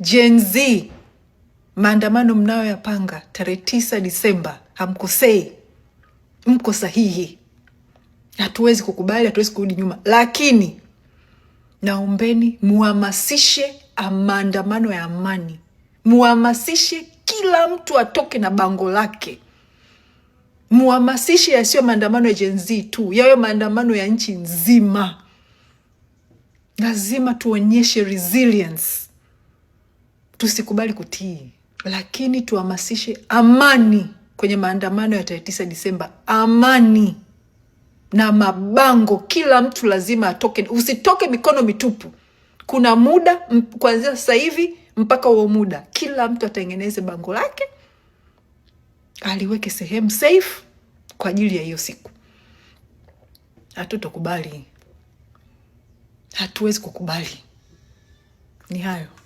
Gen Z, maandamano mnayoyapanga tarehe tisa Disemba hamkosei, mko sahihi. Hatuwezi kukubali, hatuwezi kurudi nyuma, lakini naombeni muhamasishe maandamano ya amani, muhamasishe kila mtu atoke na bango lake, muhamasishe yasiyo maandamano ya Gen Z tu, yayo maandamano ya nchi nzima. Lazima tuonyeshe resilience tusikubali kutii, lakini tuhamasishe amani kwenye maandamano ya tarehe tisa Disemba. Amani na mabango, kila mtu lazima atoke, usitoke mikono mitupu. Kuna muda kuanzia sasa hivi mpaka huo muda, kila mtu atengeneze bango lake, aliweke sehemu safe kwa ajili ya hiyo siku. Hatutokubali, hatuwezi kukubali. Ni hayo.